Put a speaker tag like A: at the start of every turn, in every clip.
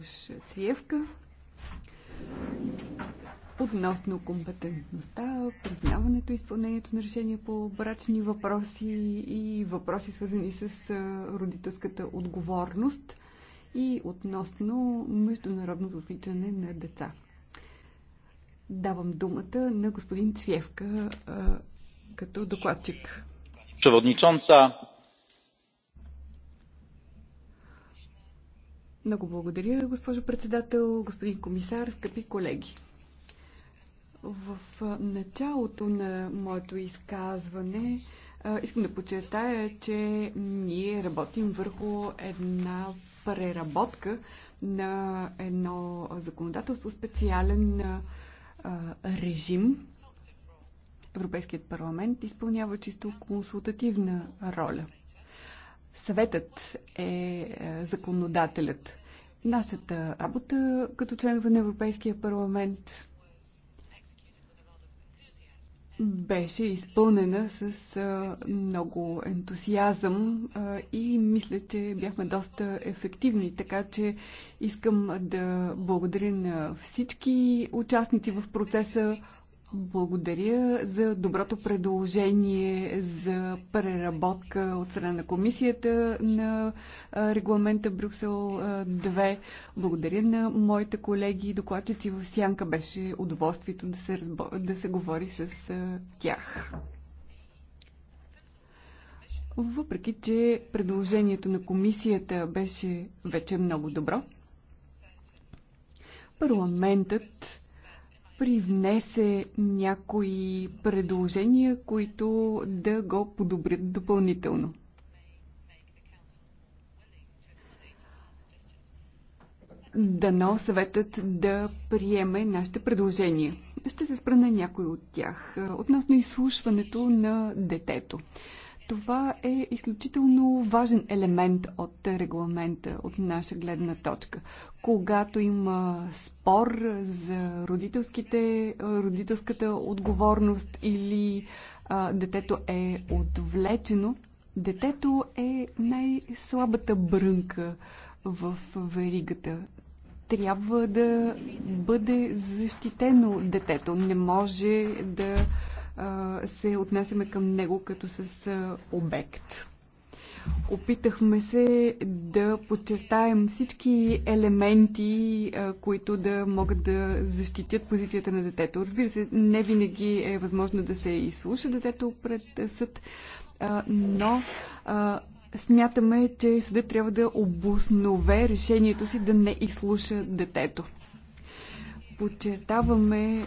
A: Ушациевка относно компетентността, признаването и изпълнението на решения по брачни въпроси и въпроси свързани с родителската отговорност и относно международното отвичане на деца. Давам думата на господин Цвевка като докладчик.
B: Przewodnicząca,
A: Много благодаря, госпожо председател, господин комисар, скъпи колеги. В началото на моето изказване искам да подчертая, че ние работим върху една преработка на едно законодателство, специален режим. Европейският парламент изпълнява чисто консултативна роля – Съветът е, е законодателят. Нашата работа като членове на Европейския парламент беше изпълнена с а, е, много ентусиазъм а, е, и мисля, че бяхме доста ефективни. Така че искам да благодаря на всички участници в процеса, благодаря за доброто предложение за преработка от страна на комисията на регламента Брюксел 2. Благодаря на моите колеги и докладчици в Сянка. Беше удоволствието да се, разбо... да се говори с тях. Въпреки, че предложението на комисията беше вече много добро, парламентът привнесе някои предложения, които да го подобрят допълнително. Дано съветът да приеме нашите предложения. Ще се спра на някои от тях. Относно изслушването на детето. Това е изключително важен елемент от регламента, от наша гледна точка. Когато има спор за родителските, родителската отговорност или а, детето е отвлечено, детето е най-слабата брънка в веригата. Трябва да бъде защитено детето. Не може да се отнасяме към него като с обект. Опитахме се да подчертаем всички елементи, които да могат да защитят позицията на детето. Разбира се, не винаги е възможно да се изслуша детето пред съд, но смятаме, че съдът трябва да обоснове решението си да не изслуша детето. Подчертаваме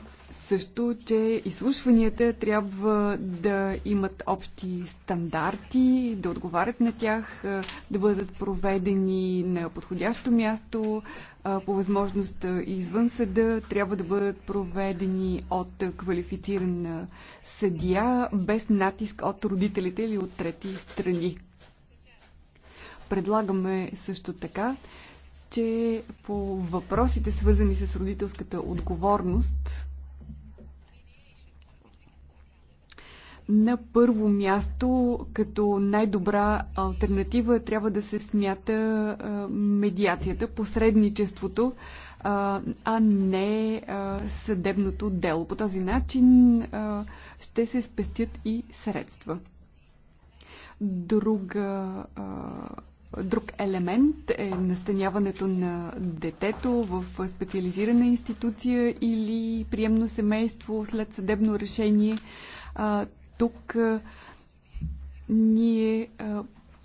A: също, че изслушванията трябва да имат общи стандарти, да отговарят на тях, да бъдат проведени на подходящо място, по възможност извън съда, трябва да бъдат проведени от квалифициран съдия, без натиск от родителите или от трети страни. Предлагаме също така че по въпросите, свързани с родителската отговорност, На първо място, като най-добра альтернатива, трябва да се смята медиацията, посредничеството, а не съдебното дело. По този начин ще се спестят и средства. Друга, друг елемент е настаняването на детето в специализирана институция или приемно семейство след съдебно решение тук ние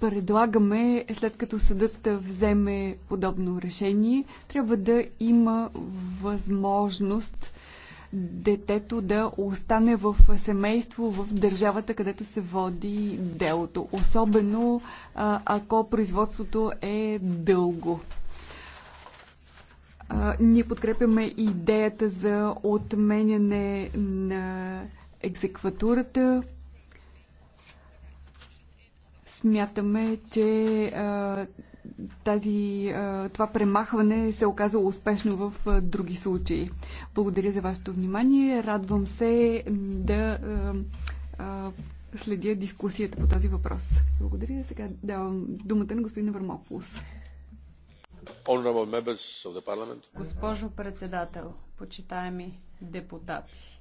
A: предлагаме, след като съдът вземе подобно решение, трябва да има възможност детето да остане в семейство в държавата, където се води делото. Особено ако производството е дълго. Ние подкрепяме идеята за отменяне на екзекватурата. Смятаме, че а, тази, а, това премахване се оказа успешно в а, други случаи. Благодаря за вашето внимание. Радвам се да а, а, следя дискусията по този въпрос. Благодаря. Сега давам думата на господин Вармопулс. Госпожо председател, почитаеми депутати,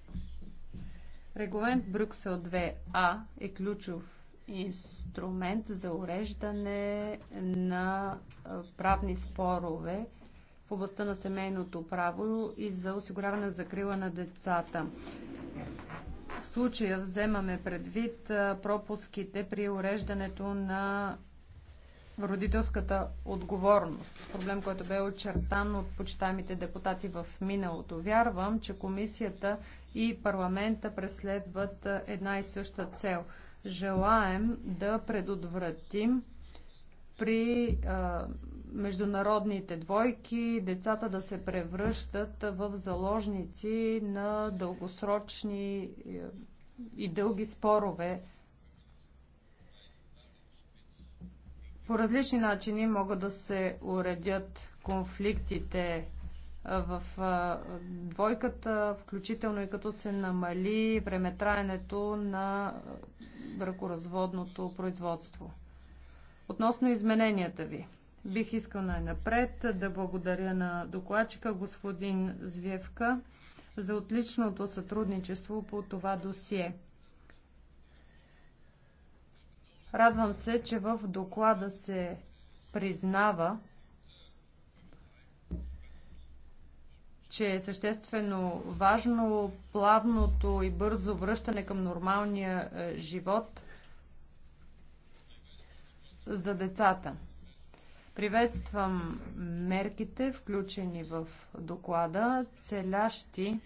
C: Регламент Брюксел 2А е ключов инструмент за уреждане на правни спорове в областта на семейното право и за осигуряване на закрила на децата. В случая вземаме предвид пропуските при уреждането на родителската отговорност. Проблем, който бе очертан от почитаемите депутати в миналото. Вярвам, че комисията и парламента преследват една и съща цел. Желаем да предотвратим при а, международните двойки децата да се превръщат в заложници на дългосрочни и дълги спорове По различни начини могат да се уредят конфликтите в двойката, включително и като се намали времетраенето на бракоразводното производство. Относно измененията ви, бих искал най-напред да благодаря на докладчика господин Звевка за отличното сътрудничество по това досие. Радвам се, че в доклада се признава, че е съществено важно плавното и бързо връщане към нормалния е, живот за децата. Приветствам мерките, включени в доклада, целящи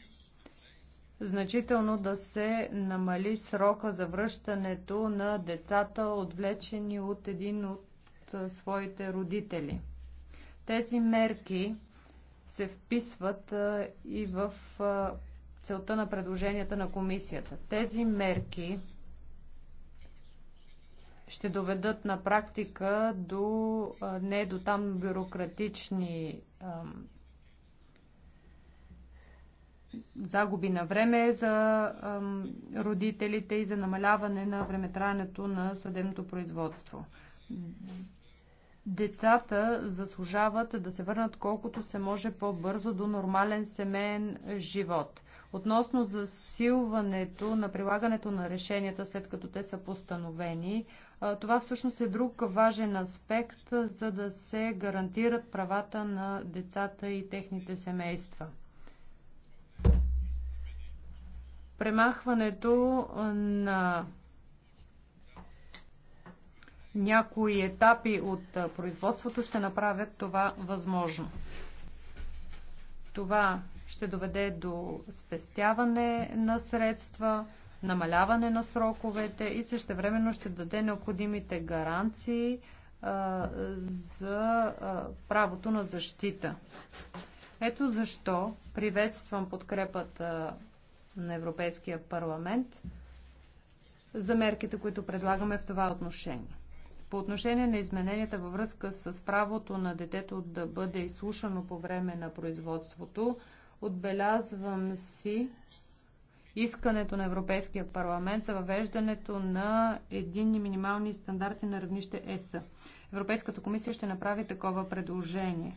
C: значително да се намали срока за връщането на децата, отвлечени от един от своите родители. Тези мерки се вписват и в целта на предложенията на комисията. Тези мерки ще доведат на практика до не до там бюрократични загуби на време за родителите и за намаляване на времетраенето на съдебното производство. Децата заслужават да се върнат колкото се може по-бързо до нормален семейен живот. Относно засилването на прилагането на решенията след като те са постановени, това всъщност е друг важен аспект, за да се гарантират правата на децата и техните семейства. Премахването на някои етапи от производството ще направят това възможно. Това ще доведе до спестяване на средства, намаляване на сроковете и същевременно ще даде необходимите гаранции а, за а, правото на защита. Ето защо приветствам подкрепата на Европейския парламент за мерките, които предлагаме в това отношение. По отношение на измененията във връзка с правото на детето да бъде изслушано по време на производството, отбелязвам си искането на Европейския парламент за въвеждането на единни минимални стандарти на равнище ЕС. Европейската комисия ще направи такова предложение.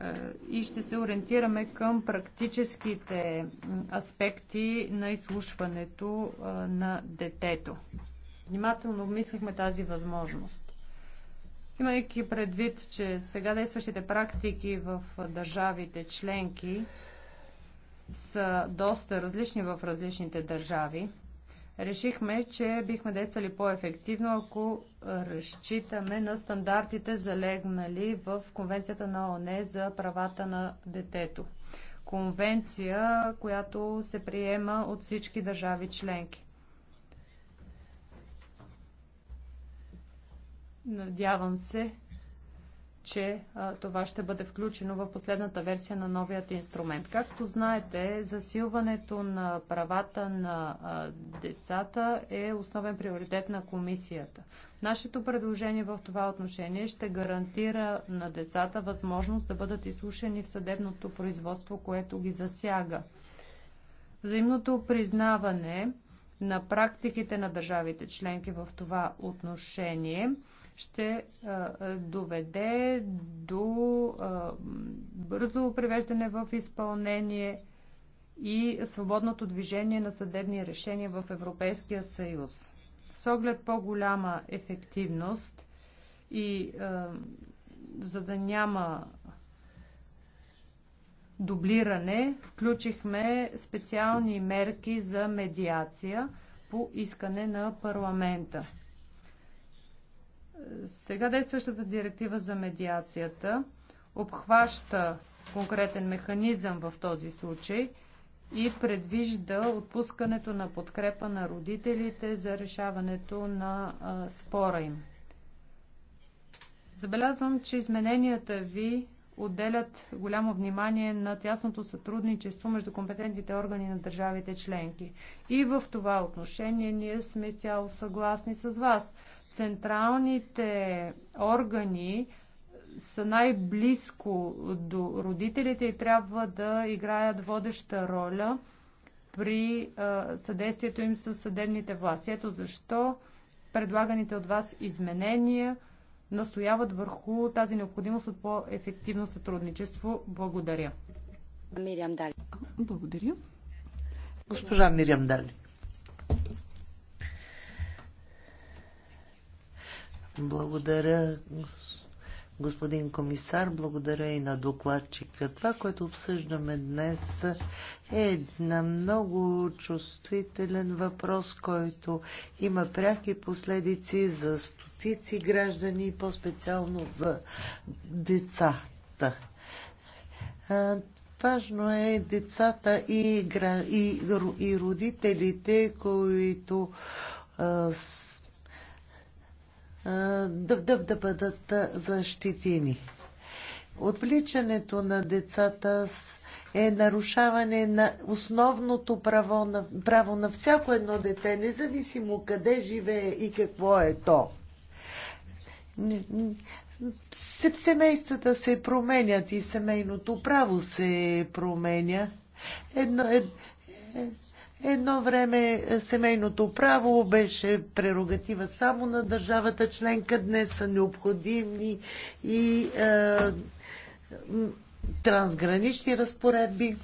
C: Е, и ще се ориентираме към практическите аспекти на изслушването е, на детето. Внимателно обмислихме тази възможност. Имайки предвид, че сега действащите практики в държавите членки са доста различни в различните държави, Решихме, че бихме действали по-ефективно, ако разчитаме на стандартите, залегнали в Конвенцията на ОНЕ за правата на детето. Конвенция, която се приема от всички държави членки. Надявам се, че а, това ще бъде включено в последната версия на новият инструмент. Както знаете, засилването на правата на а, децата е основен приоритет на комисията. Нашето предложение в това отношение ще гарантира на децата възможност да бъдат изслушани в съдебното производство, което ги засяга. Взаимното признаване на практиките на държавите членки в това отношение – ще доведе до бързо привеждане в изпълнение и свободното движение на съдебни решения в Европейския съюз. С оглед по-голяма ефективност и за да няма дублиране, включихме специални мерки за медиация по искане на парламента. Сега действащата директива за медиацията обхваща конкретен механизъм в този случай и предвижда отпускането на подкрепа на родителите за решаването на а, спора им. Забелязвам, че измененията ви отделят голямо внимание на тясното сътрудничество между компетентните органи на държавите членки. И в това отношение ние сме цяло съгласни с вас. Централните органи са най-близко до родителите и трябва да играят водеща роля при съдействието им с съдебните власти. Ето защо предлаганите от вас изменения – настояват върху тази необходимост от по-ефективно сътрудничество.
A: Благодаря. Мириам Дали. Благодаря.
D: Госпожа Мириам Дали. Благодаря, господин комисар. Благодаря и на докладчика. Това, което обсъждаме днес е на много чувствителен въпрос, който има пряки последици за стотици граждани, по-специално за децата. Важно е децата и, и, и родителите, които а, с, а, да, да, бъдат защитени. Отвличането на децата с е нарушаване на основното право на, право на всяко едно дете, независимо къде живее и какво е то семействата се променят и семейното право се променя. Едно, ед, едно време семейното право беше прерогатива само на държавата членка, днес са необходими и е, трансгранични разпоредби.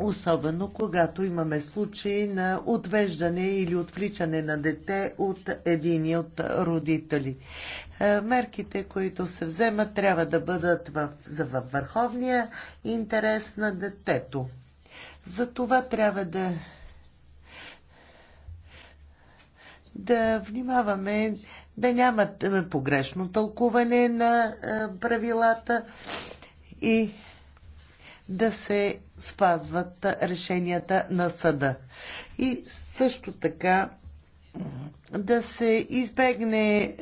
D: особено когато имаме случаи на отвеждане или отвличане на дете от един от родители. Е, мерките, които се вземат, трябва да бъдат в, във върховния интерес на детето. За това трябва да да внимаваме да нямат е, погрешно тълкуване на е, правилата и да се спазват решенията на съда. И също така да се избегне е,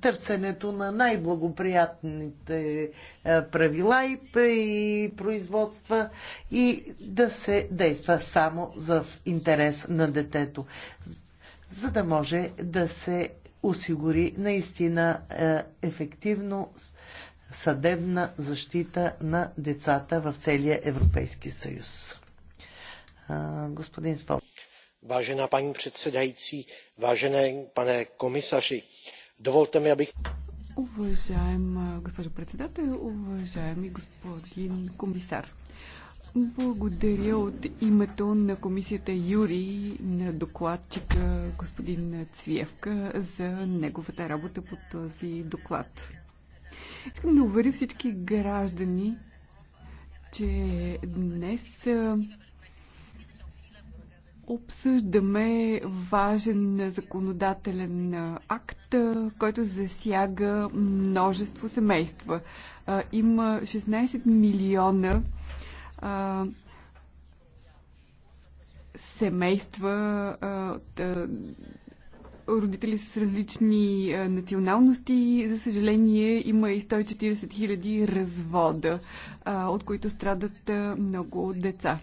D: търсенето на най-благоприятните е, правила и, и производства и да се действа само за интерес на детето, за да може да се осигури наистина е, ефективно съдебна защита на децата в целия Европейски съюз. Господин Спол. Vážená paní předsedající, vážené pane komisaři, dovolte mi, abych...
A: Уважаема госпожо председател, уважаеми господин комисар. Благодаря от името на комисията Юри на докладчика господин Цвиевка за неговата работа по този доклад. Искам да уверя всички граждани, че днес обсъждаме важен законодателен акт, който засяга множество семейства. Има 16 милиона семейства от родители с различни националности. За съжаление, има и 140 хиляди развода, от които страдат много деца.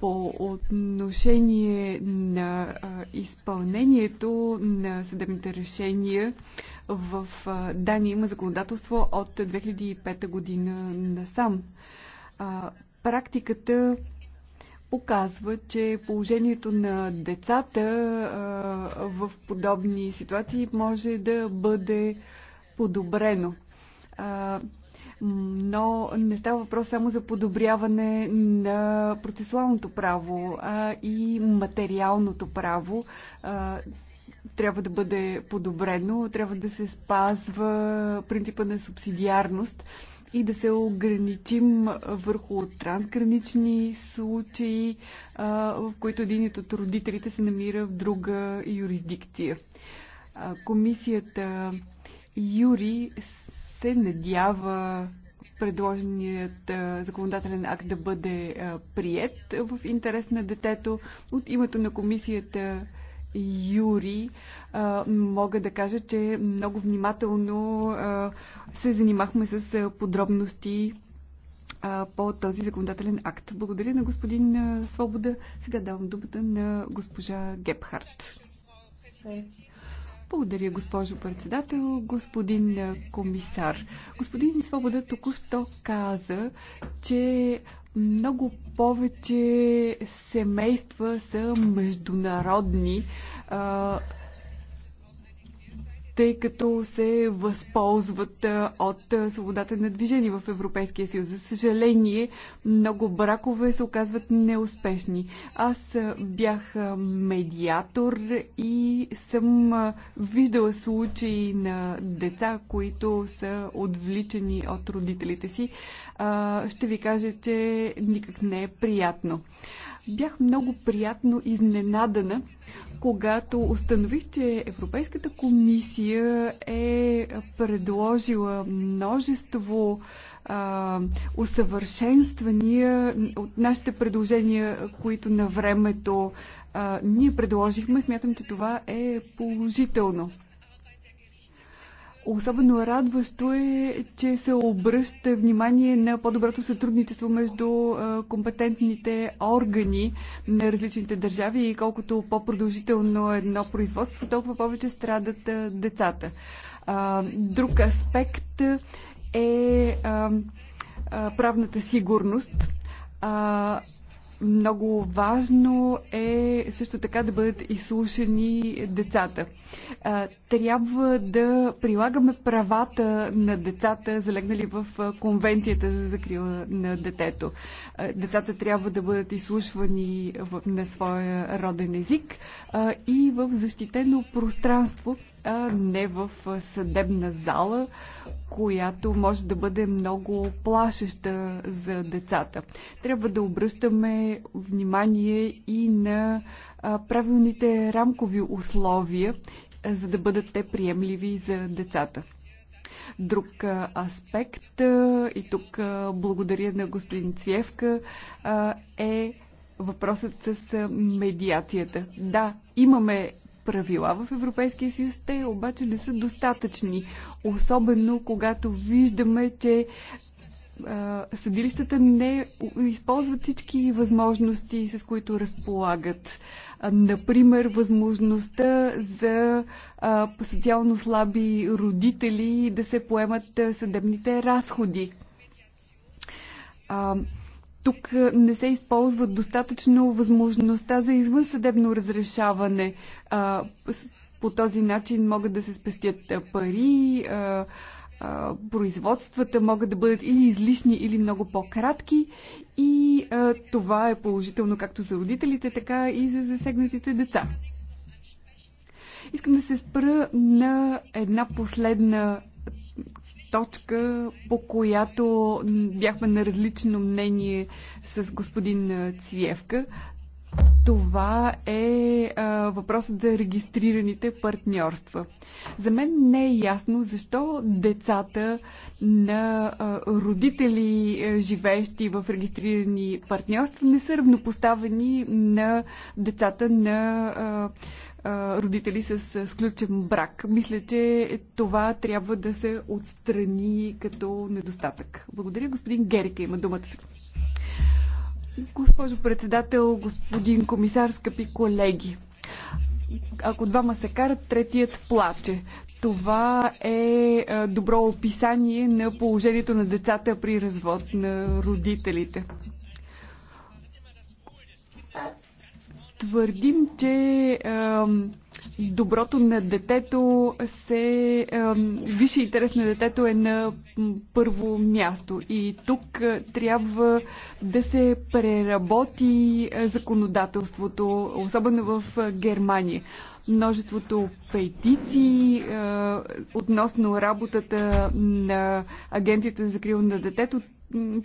A: По отношение на изпълнението на съдебните решения, в Дания има законодателство от 2005 година насам. Практиката показва, че положението на децата в подобни ситуации може да бъде подобрено. Но не става въпрос само за подобряване на процесуалното право, а и материалното право трябва да бъде подобрено, трябва да се спазва принципа на субсидиарност и да се ограничим върху трансгранични случаи, в които един от родителите се намира в друга юрисдикция. Комисията Юри се надява предложеният законодателен акт да бъде прият в интерес на детето. От името на комисията Юри, а, мога да кажа, че много внимателно а, се занимахме с подробности а, по този законодателен акт. Благодаря на господин Свобода. Сега давам думата на госпожа Гепхарт. Благодаря, госпожо председател, господин комисар. Господин Свобода току-що каза, че много повече семейства са международни тъй като се възползват от свободата на движение в Европейския съюз. За съжаление, много бракове се оказват неуспешни. Аз бях медиатор и съм виждала случаи на деца, които са отвличани от родителите си. Ще ви кажа, че никак не е приятно. Бях много приятно изненадана, когато установих, че Европейската комисия е предложила множество а, усъвършенствания от нашите предложения, които на времето а, ние предложихме. Смятам, че това е положително. Особено радващо е, че се обръща внимание на по-доброто сътрудничество между компетентните органи на различните държави и колкото по-продължително е едно производство, толкова повече страдат децата. Друг аспект е правната сигурност много важно е също така да бъдат изслушани децата. Трябва да прилагаме правата на децата, залегнали в Конвенцията за закрила на детето. Децата трябва да бъдат изслушвани на своя роден език и в защитено пространство, а не в съдебна зала, която може да бъде много плашеща за децата. Трябва да обръщаме внимание и на правилните рамкови условия, за да бъдат те приемливи за децата. Друг аспект, и тук благодаря на господин Цвевка, е въпросът с медиацията. Да, имаме правила в Европейския съюз, те обаче не са достатъчни. Особено когато виждаме, че а, съдилищата не използват всички възможности, с които разполагат. А, например, възможността за а, социално слаби родители да се поемат съдебните разходи. А, тук не се използва достатъчно възможността за извънсъдебно разрешаване. По този начин могат да се спестят пари, производствата могат да бъдат или излишни, или много по-кратки. И това е положително както за родителите, така и за засегнатите деца. Искам да се спра на една последна точка, по която бяхме на различно мнение с господин Цвиевка. Това е а, въпросът за регистрираните партньорства. За мен не е ясно защо децата на а, родители, а, живеещи в регистрирани партньорства, не са равнопоставени на децата на а, родители с сключен брак. Мисля, че това трябва да се отстрани като недостатък. Благодаря. Господин Герика има думата. Госпожо председател, господин комисар, скъпи колеги. Ако двама се карат, третият плаче. Това е добро описание на положението на децата при развод на родителите. твърдим, че а, доброто на детето се... А, висше интерес на детето е на първо място. И тук трябва да се преработи законодателството, особено в Германия. Множеството петиции а, относно работата на Агенцията за закрила на детето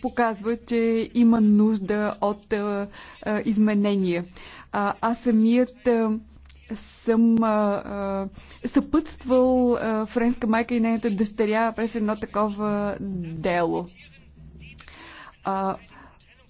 A: показва, че има нужда от а, а, изменения. А, аз самият а, съм а, а, съпътствал а, френска майка и нейната дъщеря през едно такова дело. А,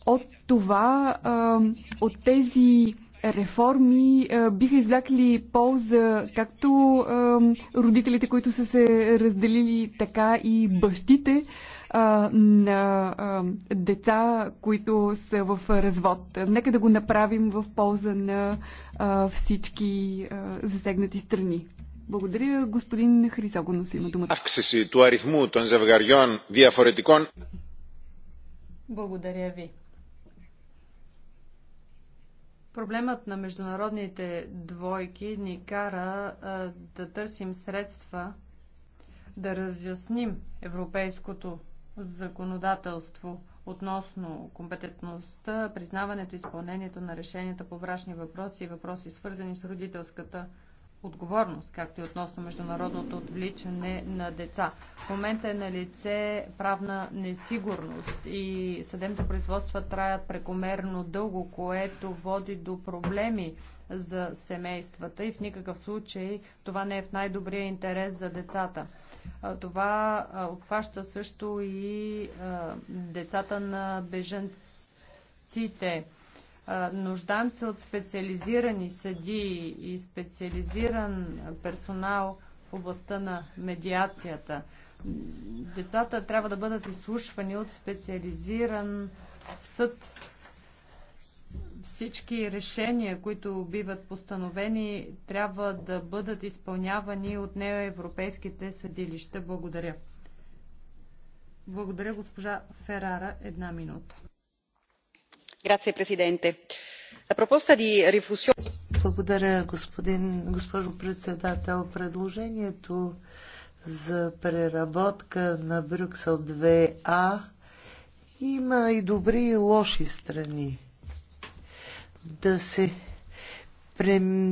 A: от това, а, от тези реформи а, биха излякли полза както а, родителите, които са се разделили, така и бащите. А, а, на а, деца, които са в развод. Нека да го направим в полза на а, всички а, засегнати страни. Благодаря, господин Хризогонос има думата.
B: Αύξηση του αριθμού των ζευγαριών διαφορετικών.
C: Благодаря ви. Проблемът на международните двойки ни кара а, да търсим средства да разясним европейското законодателство относно компетентността, признаването и изпълнението на решенията по брачни въпроси и въпроси свързани с родителската отговорност, както и относно международното отвличане на деца. В момента е на лице правна несигурност и съдебните производства траят прекомерно дълго, което води до проблеми за семействата и в никакъв случай това не е в най-добрия интерес за децата. Това обхваща също и децата на бежанците. Нуждам се от специализирани съдии и специализиран персонал в областта на медиацията. Децата трябва да бъдат изслушвани от специализиран съд всички решения, които биват постановени, трябва да бъдат изпълнявани от европейските съдилища. Благодаря. Благодаря, госпожа Ферара. Една минута.
D: Благодаря, господин, госпожо председател. Предложението за преработка на Брюксел 2А има и добри и лоши страни да се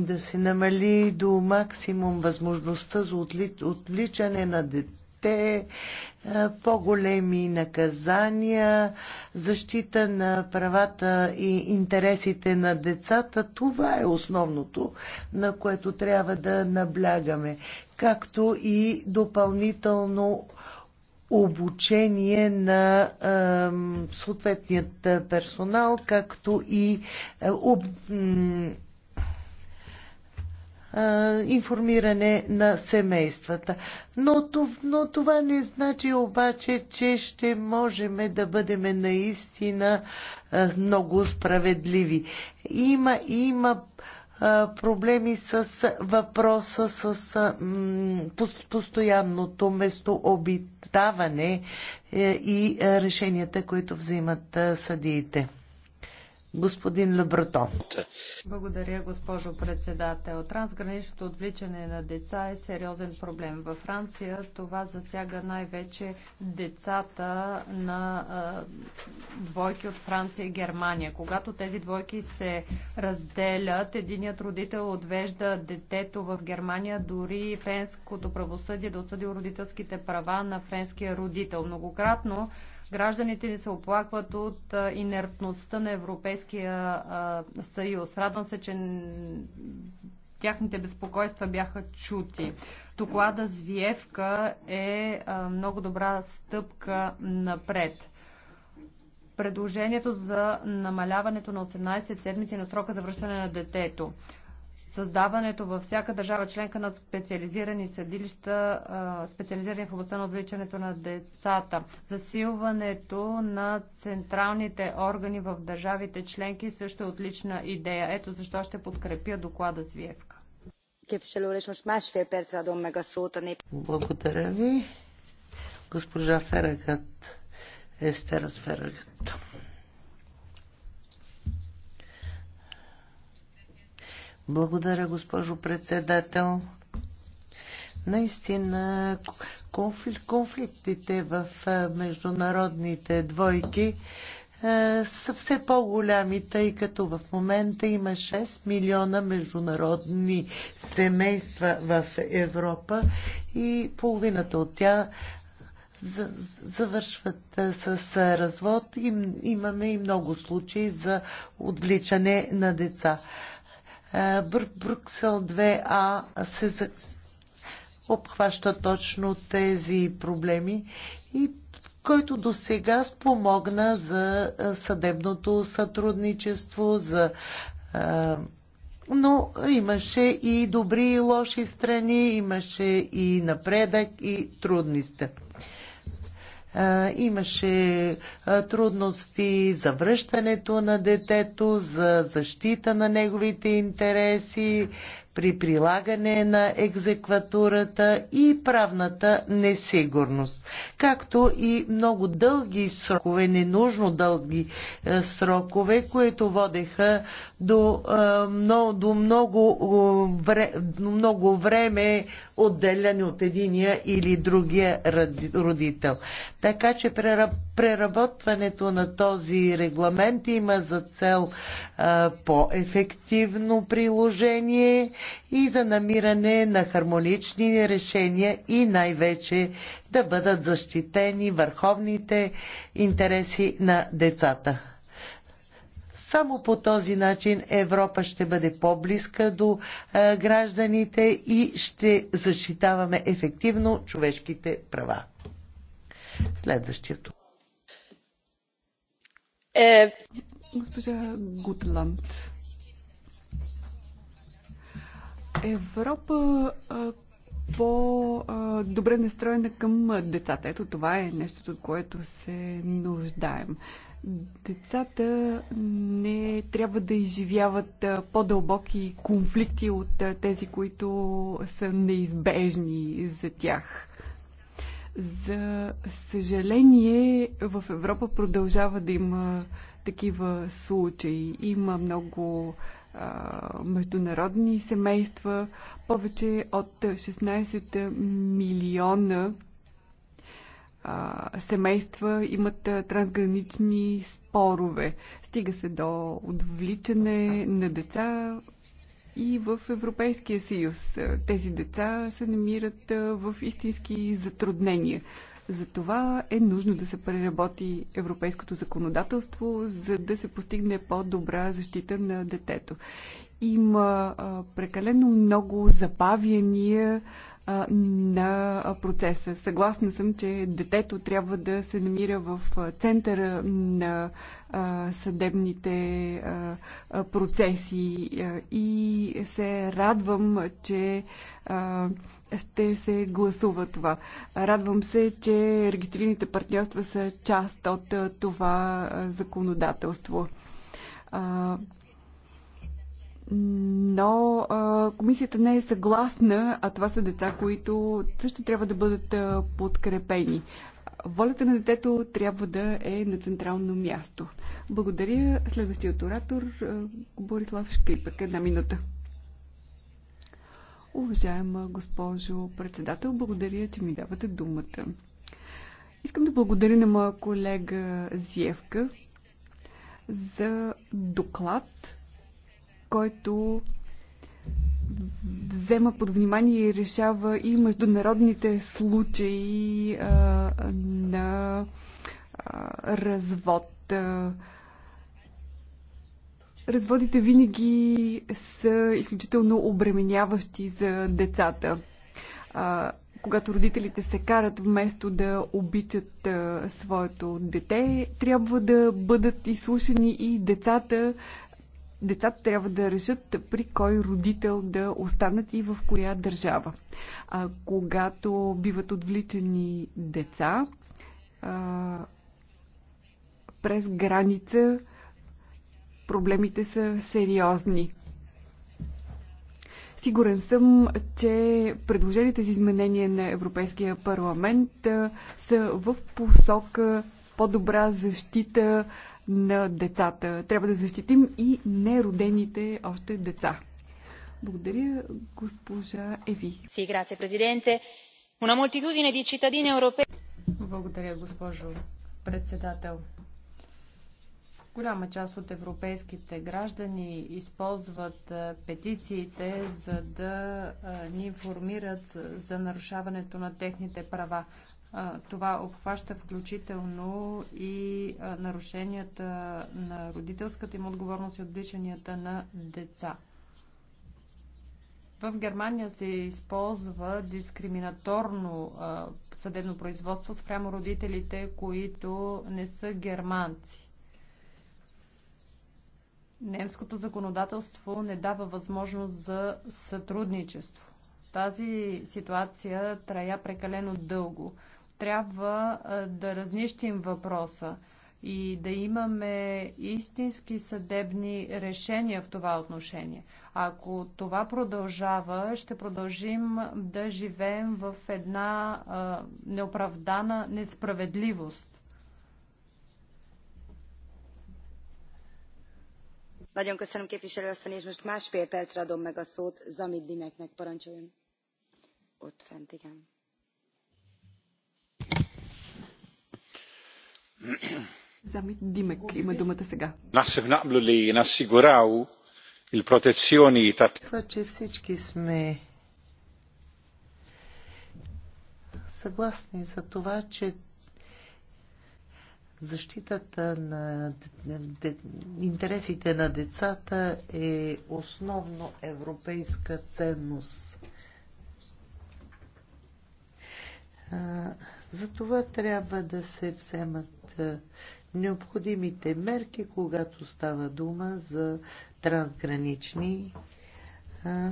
D: да се намали до максимум възможността за отличане на дете, по-големи наказания, защита на правата и интересите на децата. Това е основното, на което трябва да наблягаме, както и допълнително обучение на съответният персонал, както и об, информиране на семействата. Но, но това не значи обаче, че ще можем да бъдем наистина много справедливи. Има, има проблеми с въпроса с постоянното местообитаване е, и решенията, които взимат съдиите господин Лебретон.
C: Благодаря, госпожо председател. Трансграничното отвличане на деца е сериозен проблем. Във Франция това засяга най-вече децата на а, двойки от Франция и Германия. Когато тези двойки се разделят, единият родител отвежда детето в Германия, дори френското правосъдие да отсъди родителските права на френския родител. Многократно Гражданите ни се оплакват от инертността на Европейския съюз. Радвам се, че тяхните безпокойства бяха чути. Доклада Звиевка е много добра стъпка напред. Предложението за намаляването на 18 седмици на срока за връщане на детето създаването във всяка държава членка на специализирани съдилища, специализирани в областта на отвличането на децата, засилването на централните органи в държавите членки също е отлична идея. Ето защо ще подкрепя доклада Виевка.
D: Благодаря ви. Госпожа Ферагът, Естера Ферагът. Благодаря, госпожо председател. Наистина, конфликт, конфликтите в международните двойки са все по-голями, тъй като в момента има 6 милиона международни семейства в Европа и половината от тя завършват с развод. Имаме и много случаи за отвличане на деца. Е, Бр Брюксел 2А се обхваща точно тези проблеми и който до сега спомогна за е, съдебното сътрудничество, за е, но имаше и добри и лоши страни, имаше и напредък и трудни страни. Имаше трудности за връщането на детето, за защита на неговите интереси, при прилагане на екзекватурата и правната несигурност, както и много дълги срокове, ненужно дълги е, срокове, които водеха до, е, до много, е, много време отделяне от единия или другия родител. Така че преработването на този регламент има за цел по-ефективно приложение и за намиране на хармонични решения и най-вече да бъдат защитени върховните интереси на децата. Само по този начин Европа ще бъде по-близка до е, гражданите и ще защитаваме ефективно човешките права.
A: Е... Госпожа Гутланд. Европа по-добре настроена към децата. Ето това е нещото, от което се нуждаем. Децата не трябва да изживяват по-дълбоки конфликти от тези, които са неизбежни за тях. За съжаление, в Европа продължава да има такива случаи. Има много международни семейства, повече от 16 милиона семейства имат трансгранични спорове. Стига се до отвличане на деца и в Европейския съюз. Тези деца се намират в истински затруднения. За това е нужно да се преработи европейското законодателство, за да се постигне по-добра защита на детето. Има прекалено много забавяния на процеса. Съгласна съм, че детето трябва да се намира в центъра на съдебните процеси и се радвам, че ще се гласува това. Радвам се, че регистрираните партньорства са част от това законодателство. Но комисията не е съгласна, а това са деца, които също трябва да бъдат подкрепени. Волята на детето трябва да е на централно място. Благодаря. Следващият оратор Борислав Шкрипък. Една минута. Уважаема госпожо председател, благодаря, че ми давате думата. Искам да благодаря на моя колега Зиевка за доклад, който взема под внимание и решава и международните случаи а, на а, развод. А, разводите винаги са изключително обременяващи за децата. А, когато родителите се карат вместо да обичат а, своето дете, трябва да бъдат изслушани и децата. Децата трябва да решат при кой родител да останат и в коя държава. А, когато биват отвличани деца а, през граница, проблемите са сериозни. Сигурен съм, че предложените за изменения на Европейския парламент са в посока по-добра защита на децата. Трябва да защитим и неродените още деца. Благодаря, госпожа Еви.
B: Си, грация,
C: президенте. Una moltitudine di cittadini europei. Благодаря, госпожо председател. Голяма част от европейските граждани използват петициите, за да ни информират за нарушаването на техните права. Това обхваща включително и нарушенията на родителската им отговорност и отвличанията на деца. В Германия се използва дискриминаторно съдебно производство спрямо родителите, които не са германци. Немското законодателство не дава възможност за сътрудничество. Тази ситуация трая прекалено дълго. Трябва да разнищим въпроса и да имаме истински съдебни решения в това отношение. Ако това продължава, ще продължим да живеем в една а, неоправдана несправедливост. Nagyon köszönöm képviselő asszony, és most másfél percre adom meg a szót Zamid Dimeknek. Parancsoljon. Ott
A: fent, igen. Замит Димек има думата сега.
B: Насевнаблю ли насигурау il protezioni Мисля, че
A: всички сме
D: съгласни за това, че защитата на интересите на децата е основно европейска ценност. За това трябва да се вземат необходимите мерки, когато става дума за трансгранични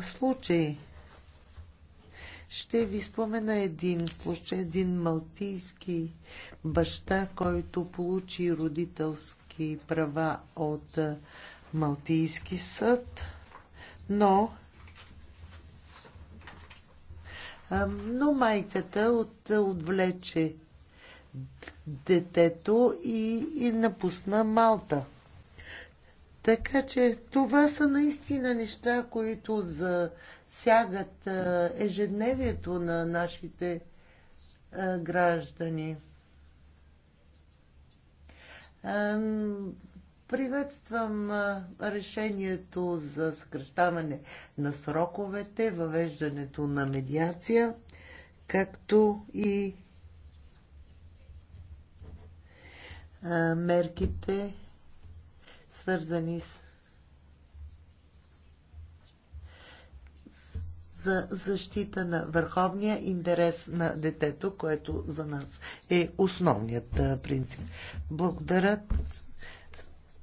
D: случаи. Ще ви спомена един случай, един малтийски баща, който получи родителски права от Малтийски съд, но но майката от, отвлече детето и, и напусна Малта. Така че това са наистина неща, които за засягат ежедневието на нашите граждани. Приветствам решението за съкръщаване на сроковете, въвеждането на медиация, както и мерките, свързани с за защита на върховния интерес на детето, което за нас е основният принцип. Благодаря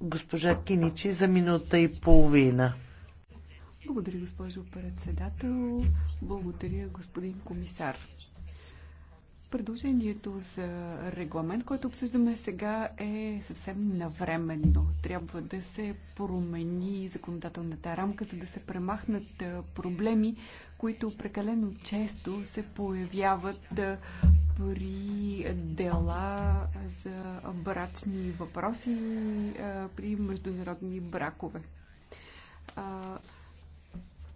D: госпожа Киничи за минута и половина.
A: Благодаря, госпожо председател. Благодаря, господин комисар. Предложението за регламент, който обсъждаме сега, е съвсем навременно. Трябва да се промени законодателната рамка, за да се премахнат проблеми, които прекалено често се появяват при дела за брачни въпроси, при международни бракове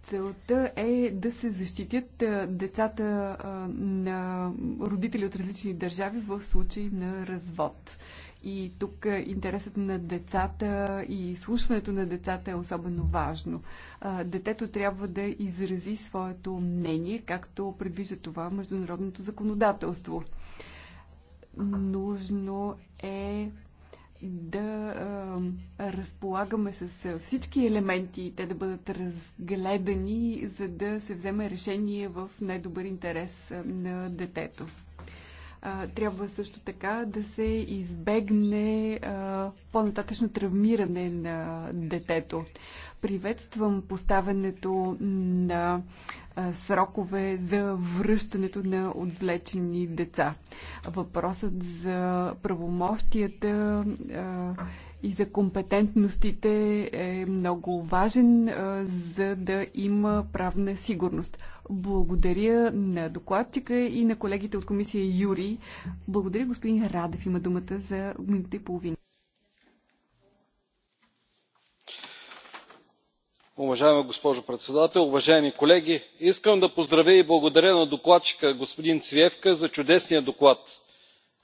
A: Целта е да се защитят децата на родители от различни държави в случай на развод. И тук интересът на децата и слушването на децата е особено важно. Детето трябва да изрази своето мнение, както предвижда това международното законодателство. Нужно е да а, разполагаме с всички елементи, те да бъдат разгледани, за да се вземе решение в най-добър интерес на детето трябва също така да се избегне по-нататъчно травмиране на детето. Приветствам поставянето на срокове за връщането на отвлечени деца. Въпросът за правомощията и за компетентностите е много важен, за да има правна сигурност. Благодаря на докладчика и на колегите от комисия Юри. Благодаря, господин Радев. Има думата за минута и половина.
B: Уважаема госпожо председател, уважаеми колеги! Искам да поздравя и благодаря на докладчика господин Цвиевка за чудесния доклад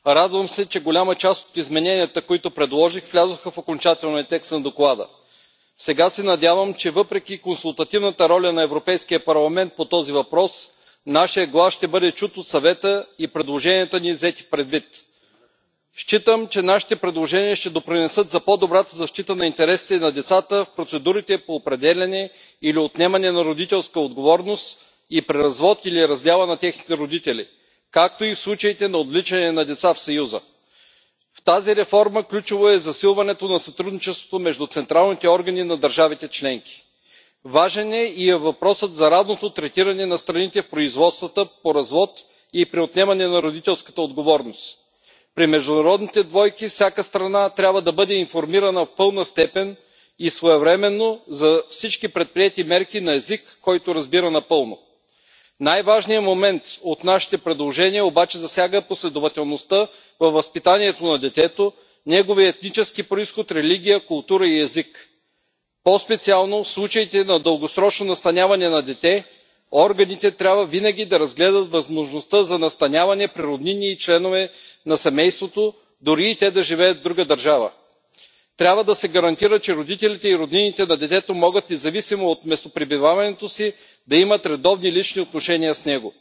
B: радвам се че голяма част от измененията които предложих влязоха в окончателния текст на доклада. сега се надявам че въпреки консултативната роля на европейския парламент по този въпрос нашият глас ще бъде чут от съвета и предложенията ни взети предвид. считам че нашите предложения ще допринесат за по добрата защита на интересите на децата в процедурите по определяне или отнемане на родителска отговорност и при развод или раздяла на техните родители както и в случаите на отвличане на деца в съюза. в тази реформа ключово е засилването на сътрудничеството между централните органи на държавите членки. важен е и е въпросът за равното третиране на страните в производствата по развод и при отнемане на родителската отговорност. при международните двойки всяка страна трябва да бъде информирана в пълна степен и своевременно за всички предприети мерки на език който разбира напълно най важният момент от нашите предложения обаче засяга последователността във възпитанието на детето неговия етнически произход религия култура и език. по специално в случаите на дългосрочно настаняване на дете органите трябва винаги да разгледат възможността за настаняване при роднини и членове на семейството дори и те да живеят в друга държава трябва да се гарантира че родителите и роднините на детето могат независимо от местопребиваването си да имат редовни лични отношения с него.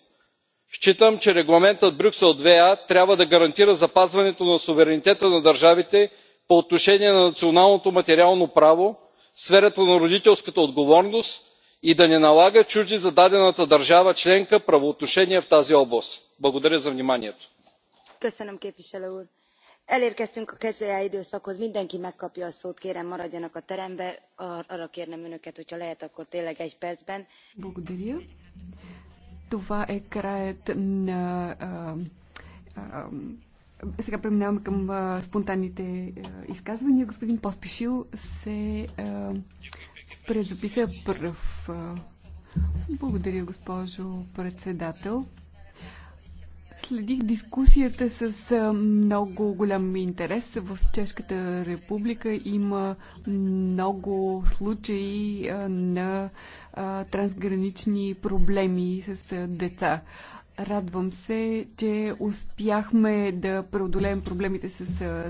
B: считам че регламентът брюксел iia трябва да гарантира запазването на суверенитета на държавите по отношение на националното материално право в сферата на родителската отговорност и да не налага чужди за дадената държава членка правоотношения в тази област. благодаря за вниманието
C: elérkeztünk a catch időszakhoz mindenki megkapja a szót kérem maradjanak a teremben arra kérnem önöket
D: hogyha lehet akkor tényleg egy percben.
A: Благодаря. Това е краят на... А, а, сега преминавам към а, спонтанните а, изказвания. Господин Поспешил се а, презаписа пръв. А, благодаря, госпожо председател. Следих дискусията с много голям интерес. В Чешката република има много случаи на трансгранични проблеми с деца. Радвам се, че успяхме да преодолеем проблемите с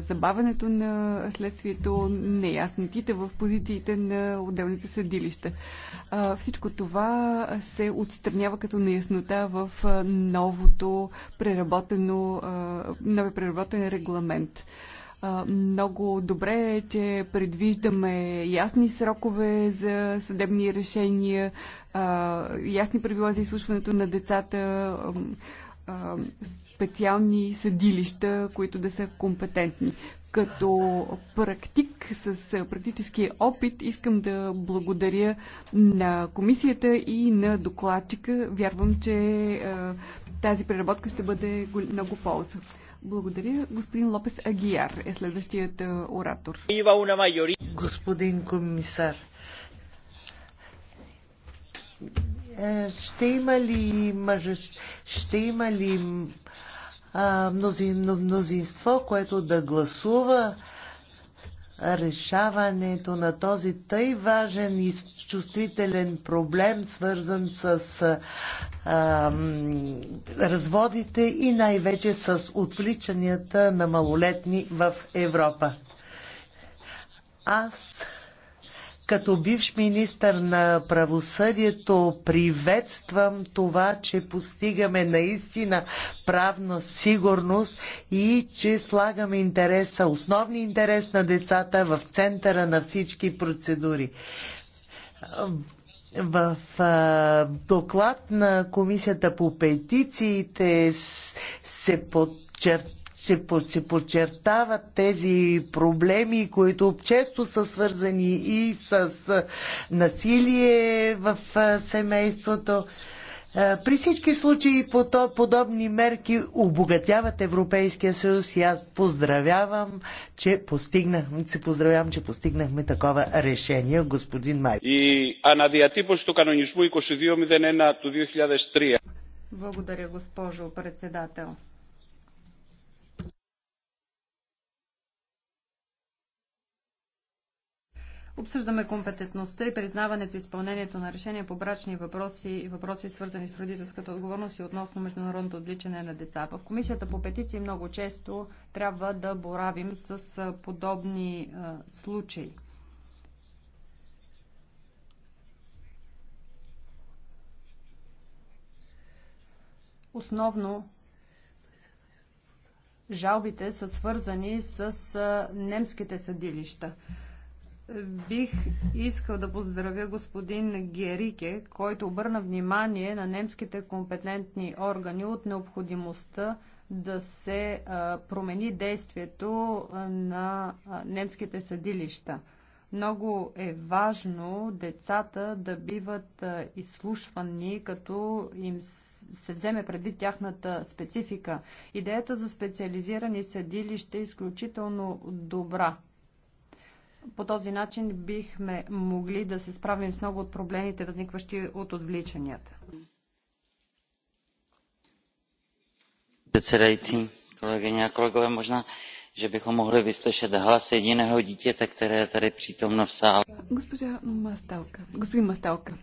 A: забавянето на следствието, неяснотите в позициите на отделните съдилища. Всичко това се отстранява като неяснота в новото преработено, новия преработен регламент. Много добре е, че предвиждаме ясни срокове за съдебни решения, ясни правила за изслушването на децата, специални съдилища, които да са компетентни. Като практик с практически опит искам да благодаря на комисията и на докладчика. Вярвам, че тази преработка ще бъде много полза. Благодаря. Господин Лопес Агияр е следващият е, оратор. Господин комисар,
D: е, ще има ли мъж... ще има ли а, мнозин, мнозинство, което да гласува решаването на този тъй важен и чувствителен проблем, свързан с а, разводите и най-вече с отвличанията на малолетни в Европа. Аз като бивш министър на правосъдието приветствам това, че постигаме наистина правна сигурност и че слагаме интереса, основни интерес на децата в центъра на всички процедури. В а, доклад на Комисията по петициите се подчерта се, се подчертават тези проблеми, които често са свързани и с насилие в семейството. При всички случаи подобни мерки обогатяват Европейския съюз и аз поздравявам, че постигнахме, се поздравявам, че постигнахме такова решение, господин Майк.
B: И анадиатипост του κανονισμού 2201 του 2003.
C: Благодаря, госпожо председател. Обсъждаме компетентността и признаването и изпълнението на решения по брачни въпроси и въпроси свързани с родителската отговорност и относно международното отличане на деца. В Комисията по петиции много често трябва да боравим с подобни случаи. Основно жалбите са свързани с немските съдилища. Бих искал да поздравя господин Герике, който обърна внимание на немските компетентни органи от необходимостта да се промени действието на немските съдилища. Много е важно децата да биват изслушвани, като им се вземе предвид тяхната специфика. Идеята за специализирани съдилища е изключително добра по този начин бихме могли да се справим с много от проблемите, възникващи от отвличанията.
D: Předsedající, kolegyně a kolegové, možná, že bychom mohli vyslyšet hlas jediného dítěte, které je tady přítomno v sále.
A: Госпожа Масталка, господин Масталка,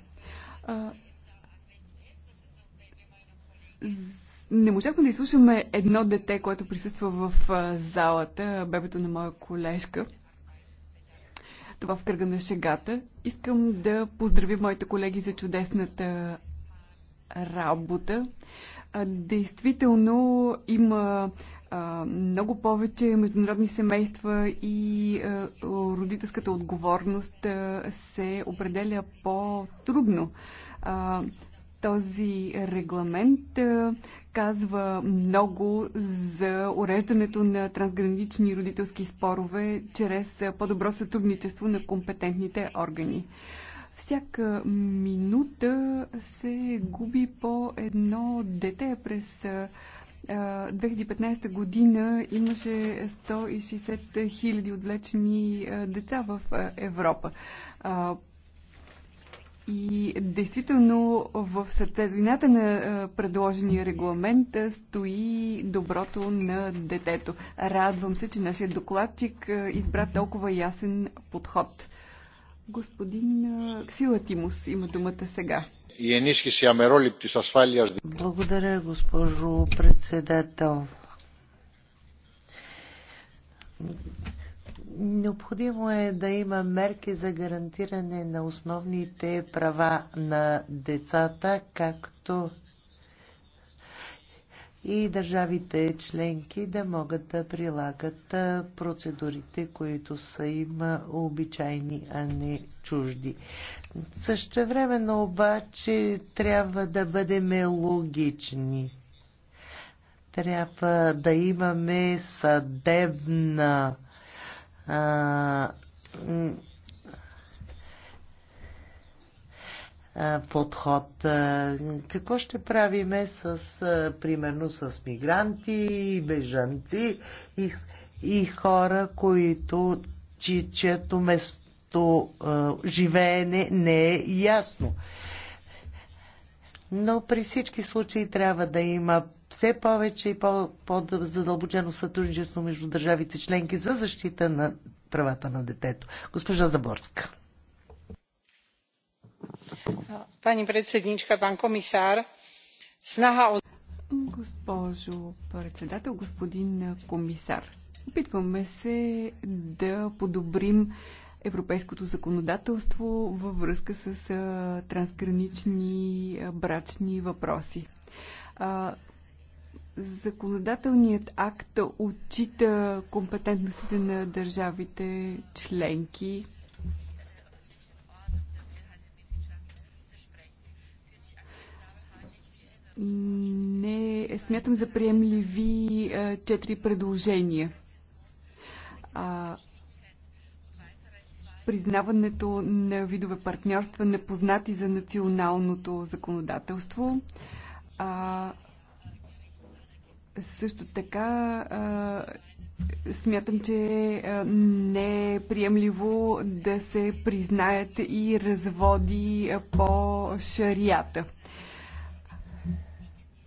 A: не можахме да изслушаме едно дете, което присъства в залата, бебето на моя колежка. Това в кръга на шегата. Искам да поздравя моите колеги за чудесната работа. Действително има много повече международни семейства и родителската отговорност се определя по-трудно. Този регламент казва много за уреждането на трансгранични родителски спорове чрез по-добро сътрудничество на компетентните органи. Всяка минута се губи по едно дете през 2015 година имаше 160 хиляди отвлечени деца в Европа. И действително в сърцевината на предложения регламент стои доброто на детето. Радвам се, че нашия докладчик избра толкова ясен подход. Господин Ксила Тимус има думата сега. Благодаря,
D: госпожо председател. Необходимо е да има мерки за гарантиране на основните права на децата, както и държавите членки да могат да прилагат процедурите, които са им обичайни, а не чужди. време, обаче трябва да бъдем логични. Трябва да имаме съдебна подход. Какво ще правиме с, примерно, с мигранти, бежанци и, и хора, които, чието место живеене не е ясно. Но при всички случаи трябва да има все повече и по-задълбочено -по сътрудничество между държавите членки за защита на правата на детето. Госпожа Заборска.
C: Пани председничка, пан комисар,
A: снаха от... Госпожо председател, господин комисар, опитваме се да подобрим европейското законодателство във връзка с трансгранични брачни въпроси законодателният акт отчита компетентностите на държавите членки. Не смятам за приемливи четири предложения. А, признаването на видове партньорства, непознати за националното законодателство, а, също така смятам, че не е приемливо да се признаят и разводи по шарията.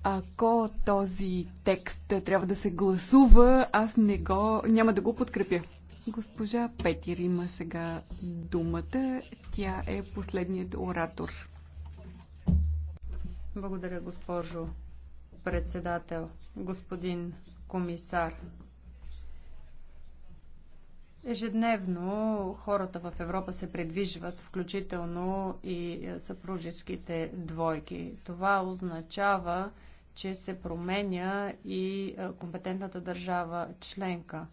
A: Ако този текст трябва да се гласува, аз не го, няма да го подкрепя. Госпожа Петир има сега думата. Тя е последният оратор.
C: Благодаря, госпожо председател, господин комисар. Ежедневно хората в Европа се предвижват, включително и съпружеските двойки. Това означава, че се променя и компетентната държава членка.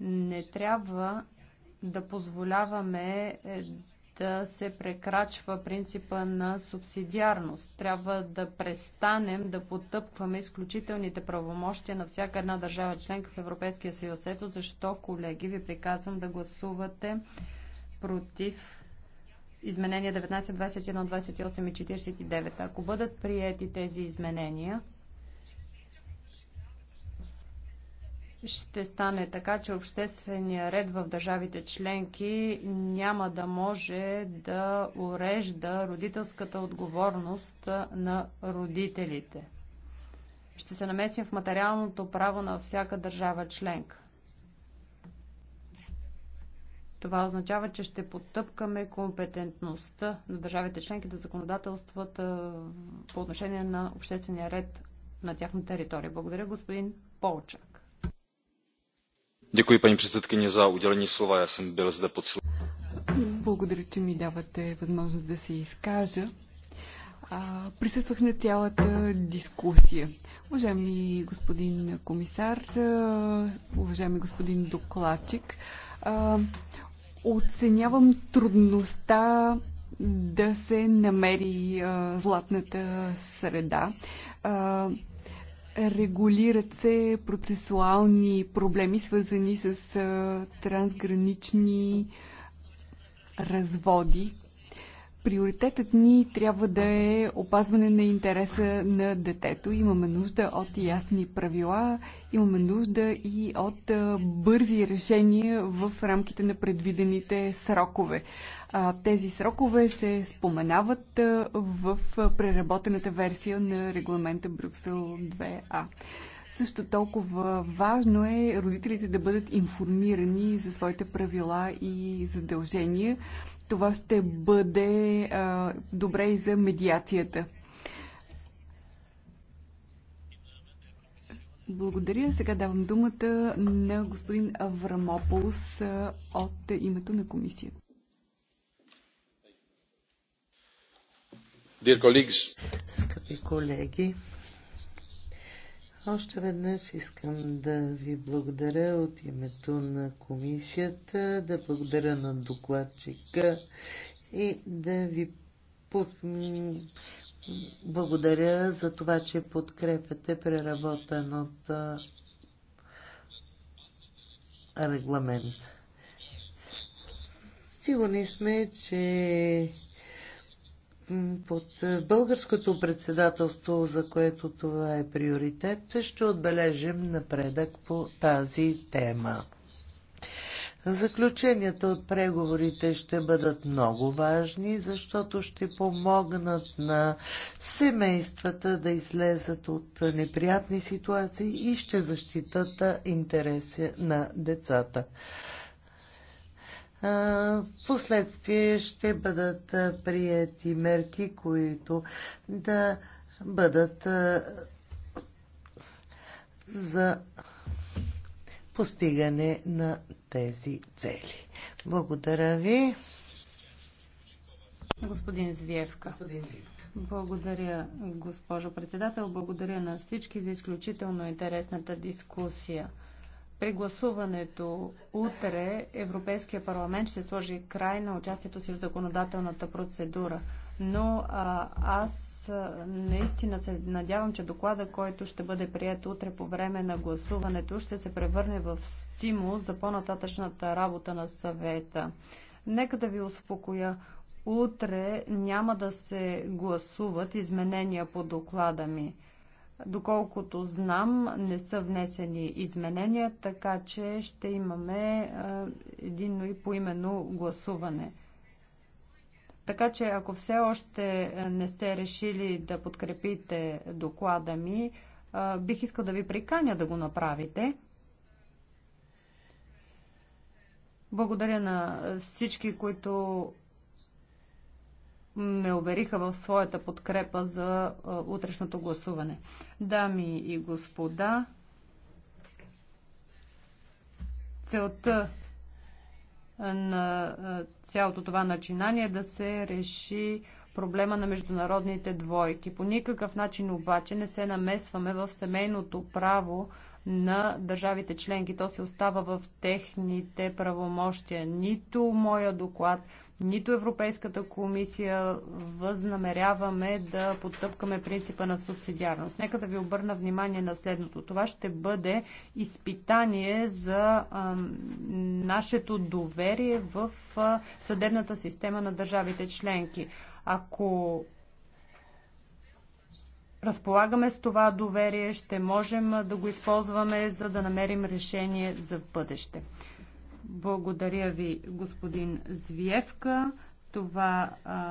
C: Не трябва да позволяваме е, да се прекрачва принципа на субсидиарност. Трябва да престанем да потъпкваме изключителните правомощия на всяка една държава членка в Европейския съюз. Ето защо, колеги, ви приказвам да гласувате против изменения 19, 21, 28 и 49. Ако бъдат приети тези изменения, ще стане така, че обществения ред в държавите членки няма да може да урежда родителската отговорност на родителите. Ще се намесим в материалното право на всяка държава членка. Това означава, че ще потъпкаме компетентността на държавите членки да законодателстват по отношение на обществения ред на тяхна
A: територия. Благодаря, господин Полчак
B: paní předsedající já jsem byl zde po celou.
A: Благодаря, че ми давате възможност да се изкажа. А, присъствах на цялата дискусия. Уважаеми господин комисар, уважаеми господин докладчик, а, оценявам трудността да се намери а, златната среда. А, Регулират се процесуални проблеми, свързани с трансгранични разводи, Приоритетът ни трябва да е опазване на интереса на детето. Имаме нужда от ясни правила, имаме нужда и от бързи решения в рамките на предвидените срокове. Тези срокове се споменават в преработената версия на регламента Брюксел 2А. Също толкова важно е родителите да бъдат информирани за своите правила и задължения това ще бъде а, добре и за медиацията. Благодаря. Сега давам думата на господин Аврамополс от името на комисията. Скъпи колеги,
D: още веднъж искам да ви благодаря от името на комисията, да благодаря на докладчика и да ви благодаря за това, че подкрепяте от регламент. Сигурни сме, че под българското председателство, за което това е приоритет, ще отбележим напредък по тази тема. Заключенията от преговорите ще бъдат много важни, защото ще помогнат на семействата да излезат от неприятни ситуации и ще защитат интереси на децата последствие ще бъдат прияти мерки, които да бъдат за постигане на тези цели. Благодаря ви.
C: Господин Звиевка. Господин Звиевка. Благодаря, госпожо председател. Благодаря на всички за изключително интересната дискусия при гласуването утре Европейския парламент ще сложи край на участието си в законодателната процедура. Но а, аз наистина се надявам, че доклада, който ще бъде прият утре по време на гласуването, ще се превърне в стимул за по-нататъчната работа на съвета. Нека да ви успокоя. Утре няма да се гласуват изменения по доклада ми. Доколкото знам, не са внесени изменения, така че ще имаме единно и поименно гласуване. Така че, ако все още не сте решили да подкрепите доклада ми, бих искал да ви приканя да го направите. Благодаря на всички, които ме увериха в своята подкрепа за утрешното гласуване. Дами и господа, целта на цялото това начинание е да се реши проблема на международните двойки. По никакъв начин обаче не се намесваме в семейното право на държавите членки. То се остава в техните правомощия. Нито моя доклад, нито Европейската комисия възнамеряваме да потъпкаме принципа на субсидиарност. Нека да ви обърна внимание на следното. Това ще бъде изпитание за а, нашето доверие в а, съдебната система на държавите членки. Ако разполагаме с това доверие, ще можем да го използваме, за да намерим решение за бъдеще. Благодаря ви, господин Звиевка. Това